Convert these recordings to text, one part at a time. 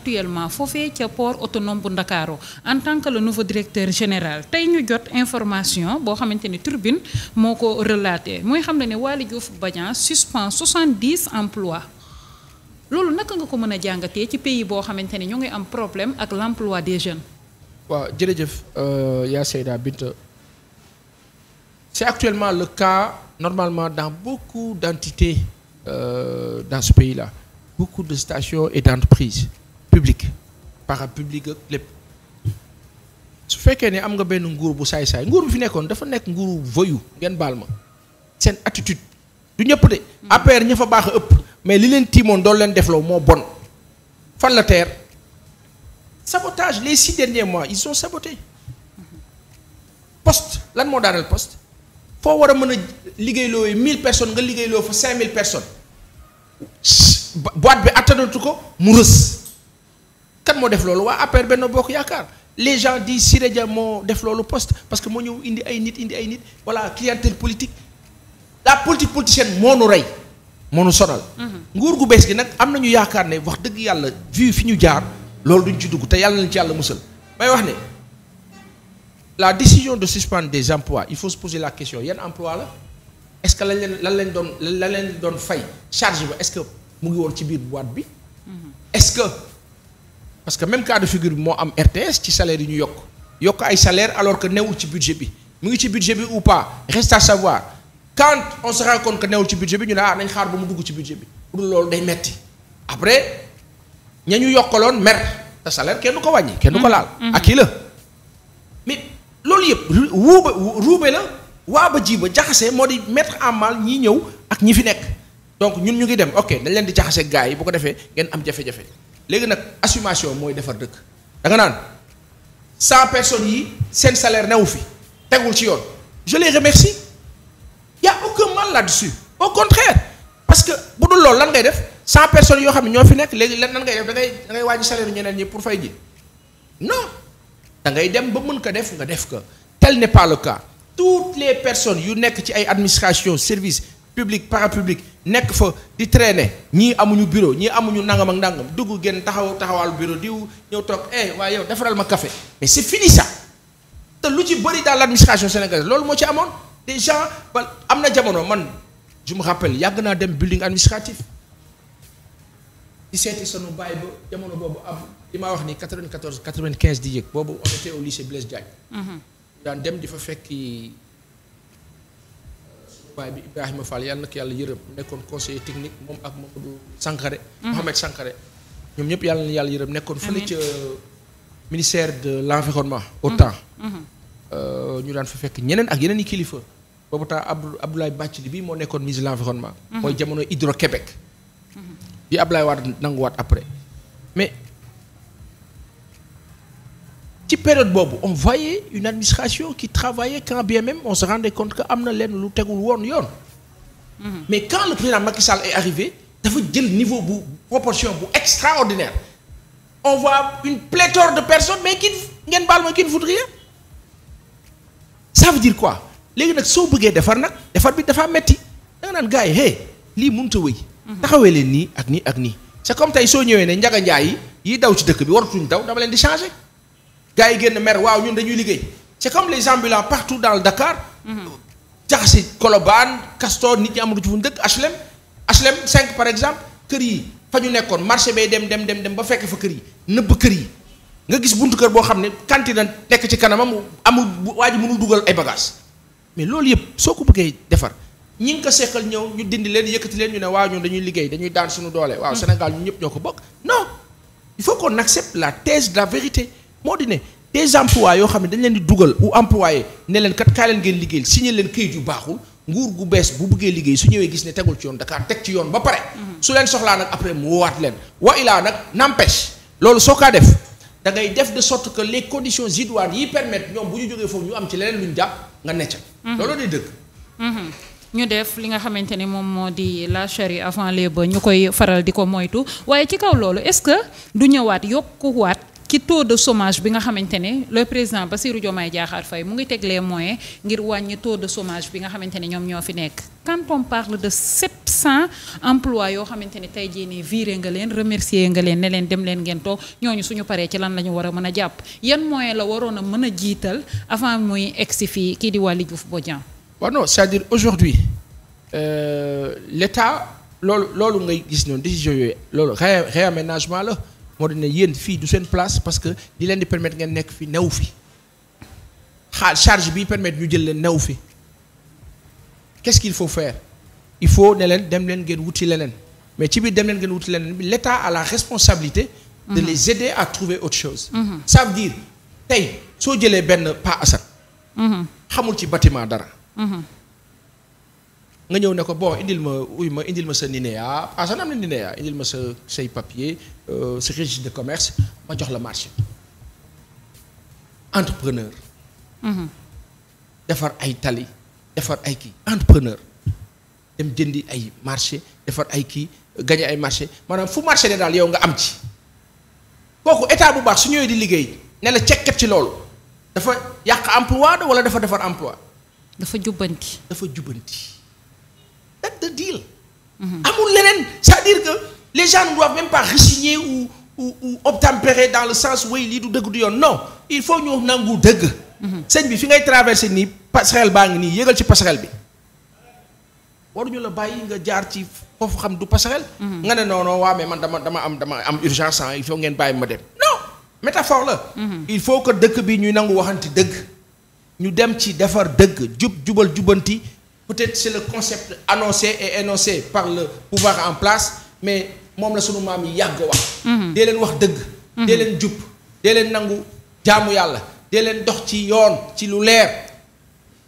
actuellement foofee ca port autonome bu Ndakaaru en tant que le nouveau directeur général tey ñu jot information boo xamante ni Tribune moo ko relaté mooy xam ne ne Waly Diouf Bodian suspend 70 emplois loolu naka nga ko mën a jàngatee ci pays boo xamante ne ñu ngi am problème ak l'emploi des jeunes. waaw jërëjëf euh, yaa Seyda Binta c'est actuellement le cas normalement dans beaucoup d'entités euh, dans ce pays-là beaucoup de stations et d'entreprises public para public ak lépp su fekkee ne am nga benn nguur bu saay-saay nguur bi fi nekkoon dafa nekk nguuru voyu ngeen baal ma seen attitude du ñëpp de hmm. APR ña fa baax ëpp mais li leen tiimoon doon leen defloo moo bon fan la teer sabotage les six derniers mois ils ont saboté poste lan moo daaneel poste foo war a mën a liggéeyloo yi mille personnes nga liggéeyloo fa cinq mille personnes bi attanatu ko mu rës moo def loolu waa APR Benno Bokk Yaakaar les gens disent Siré Dia moo def loolu poste parce que moo ñëw indi ay nit indi ay nit voilà clientèle politique la politique politicienne moo nu rey moo nu sonal. Mhm. nguur gu bees gi nag am na ñu yaakaar ne wax dëgg yàlla vu fi ñu jaar loolu duñ ci dugg te yàlla nañ ci yàlla musal may wax ne la décision de suspendre des emplois il faut se poser la question yan emploi la est-ce que lañ leen lan lañ doon lan leen doon fay charge ba est-ce mu woon ci biir boîte bi mhm. parce que même cas de bi moo am RTS ci salaire yi ñu yokk yokk ay salaire alors que newul ci budget bi mu ngi ci budget bi ou pas reste à savoir quand on se rend ci budget bi ñu ne ah, nañ xaar bu mu dugg ci budget bi pour loolu day metti après ñu yokkaloon mer te salaire kenn ko wàññi. kenn du ko mm-hmm. laal mm-hmm. ak kii la loolu yëpp ruube ruube la waa ba ji ba jaxase moo di mettre en mal ñi ñëw ak ñi fi nekk donc ñun ñu ngi dem ok dañ leen di jaxase gars yi bu ko defee ngeen am jafe léegi nag assumation mooy defar dëkk da nga naan cent personnes yi seen salaire newu fi tegul ci yoon je les remercie y a aucun mal là-dessus au contraire parce que bu dul lool lan ngay def cent personnes yoo xam ne ñoo fi nekk léegi lan nan ngay def da ngay da ngay wàññi salaire ñeneen ñi pour fay ji non da ngay dem ba mun ko def nga def ko tel ne pas le cas toutes les personnes yu nekk ci ay administration service public parapublic nekk fa di traîner ñii amuñu bureau ñii amuñu nangam ak nangam dugg génn taxaw taxawal bureau diw ñëw toog eh waaye yow defaral ma kafe mais c'est fini ça te lu ci bari daal l'administration sénégalaise loolu moo ci amoon des gens ba am na jamono man je me rappelle yàgg naa dem building administratif di seeti sanu bàyyi ba jamono boobu am li maa wax ni 94 95 di yëg boobu on était au lycée Blaise Diagne mhm. daan dem baay bi Ibrahima Fall yàlla na ko yàlla yërëm nekkoon conseiller technique moom ak Mamadou Sankaré mhm. Mohamed Sankaré ñoom ñëpp yàlla na yàlla yërëm nekkoon fële ca euh, ministère de l'environnement mhm. au mhm. euh, temps ñu daan fa fekk ñeneen ak yeneen i kilifa boobu temps Abdou Abdoulaye Bathily bii moo nekkoon ministre de mooy jamono Hydro-Québec bi Abdoulaye Wade nanguwaat après ci période boobu on voyait une administration qui travaillait quand bien même on se rendait compte que am na leen lu tegul woon yoon. Mhm. mais quand le président Macky Sall est arrivé dafa jël niveau bu proportion bu extraordinaire on voit une pléthore de personne mais qui ngeen baal ma qui ne foutent rien ça quoi léegi nag soo bëggee defar nag defar bi dafa metti da nga naan gars yi lii mënut a wëy. Mhm. taxawee leen nii ak nii ak nii. c'est comme tey soo ñëwee ne njaga njaay yi daw ci dëkk bi waratuñ daw dama leen di changer. gars yi génn mer waaw ñun dañuy liggéey c'est comme les ambulants partout dans le Dakar. jaxasi Colobane Castor nit ñi amatu ci fu ñu dëkk HLM. par exemple kër yi fa ñu nekkoon marché bay dem dem dem dem ba fekk fa kër yi nëbb kër yi nga gis buntu kër boo xam ne cantine nekk ci kanamam amul waa ji mënul dugal ay bagages mais loolu yëpp soo ko bëggee defar. ñi nga ko seqal ñëw ñu dindi leen yëkkati leen ñu ne waaw ñun dañuy liggéey dañuy daan suñu doole waaw hmm. ñëpp ñoo ko bokk non moo di ne des emplois yoo xam ne dañ leen di dugal ou employé ne leen kat kaay leen ngeen liggéeyal signé leen këyit yu baaxul nguur gu bees bu bëggee liggéey su ñëwee gis ne tegul ci yoon Dakar teg ci yoon ba pare. Mhm. su leen soxlaa nag après mu woowaat leen. wa nag n'empêche loolu soo kaa def da ngay def de sorte que les conditions idoines yi permettre ñoom bu ñu jógee foofu ñu am ci leneen lu jàpp nga necc. Mhm. loolu day dëgg. Mhm. ñu def li nga xamante ni moom moo di la charrue avant les bœufs ñu di ko moytu waaye ci kaw loolu est-ce que du ñëwaat yokkuwaat. ci taux de chômage bi nga xamante ne le président Bassirou Diomaye Diakhar Faye mu ngi teg les moyens ngir wàññi taux de somage bi nga xamante ne ñoom ñoo fi nekk quand on parle de sept cent emplois yoo xamante ne tey jii nii viré nga leen remercier nga leen ne leen dem leen ngeen toog ñooñu suñu paree ci lan la ñu war a mën a jàpp yan moyens la waroon a mën a jiital avant muy egsi fii kii di Waly Diouf Bodian waaw non c'est-à-dire aujourd'hui euh, l'État loolu loolu ngay gis noonu décision yooyu loolu réaménagement moo di ne yéen fii du seen place parce que li leen di permettre ngeen nekk fi new fi xaal charge bi permettre ñu jël leen new fi qu'est-ce qu'il faut faire il faut ne leen dem leen ngeen wuti leneen mais ci biir dem leen ngeen wuti leneen bi à la responsabilité de mhm. les aider à trouver autre sa mhm. ça tey soo jëlee benn pas asat mhm. xamul ci bâtiment dara nga ñëw ne ko boo indil ma uy ma indil ma sa NINEA ah sax am na NINEA indil ma sa say papier euh, sa registre de commerce ma jox la marché entrepreneur. Mm-hmm. defar ay tali defar ay kii entrepreneur dem jëndi ay marché defar ay kii gagné ay marché manaam fu marché ne daal yow nga am ci kooku état bu baax su ñëwee di liggéey ne la cekket ci loolu dafa yàq emploi wala dafa defar emploi dafa jubbanti dafa jubbanti that the deal. amul leneen c'est-à-dire que les gens ne doivent pas résigner ou ou ou obtempérer dans le sens way lii du dëgg du yoon non il faut ñu nangu dëgg. sëñ bi fi ngay traversé ni passerelle baa ngi nii yëgal ci passerelle bi. waruñu la bàyyi nga jaar ci foofu xam du passerelle. Mhm. nga ne non non waa mais man dama dama am dama am urgence il faut ngeen bàyyi ma dem. la. Mhm. il faut que dëkk bi ñuy nangu waxanti dëgg. ñu dem ci defar dëgg jub jubal jubanti. peut-être c'est le concept annoncé et énoncé par le pouvoir en place mais moom la sunu maam yi yàgg wax mhm. dee leen wax dëgg mhm. dee leen jub dee leen nangu jaamu yàlla dee leen dox ci yoon ci lu leer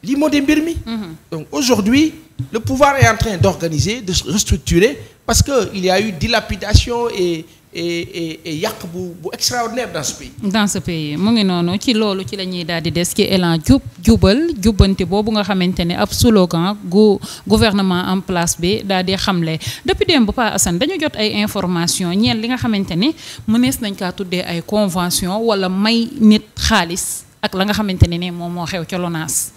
lii moo mbir mi mhm. donc aujourd'hui le pouvoir est en train d'organiser de restructurer parce que il y a eu dilapidation et et yàq bu bu extraordinaire dans ce pays. dans ce pays mu ngi noonu ci loolu ci la ñuy daal di des ci élan jub jubal jubbante boobu nga xamante ni ab slogan gu gouvernement en place bi daal di xamle depuis démb Pa Assane dañu jot ay information ñeel li nga xamante ni mënees nañ kaa tuddee ay convention wala may nit xaalis ak la nga xamante ne ni moom moo xew ca LONASE.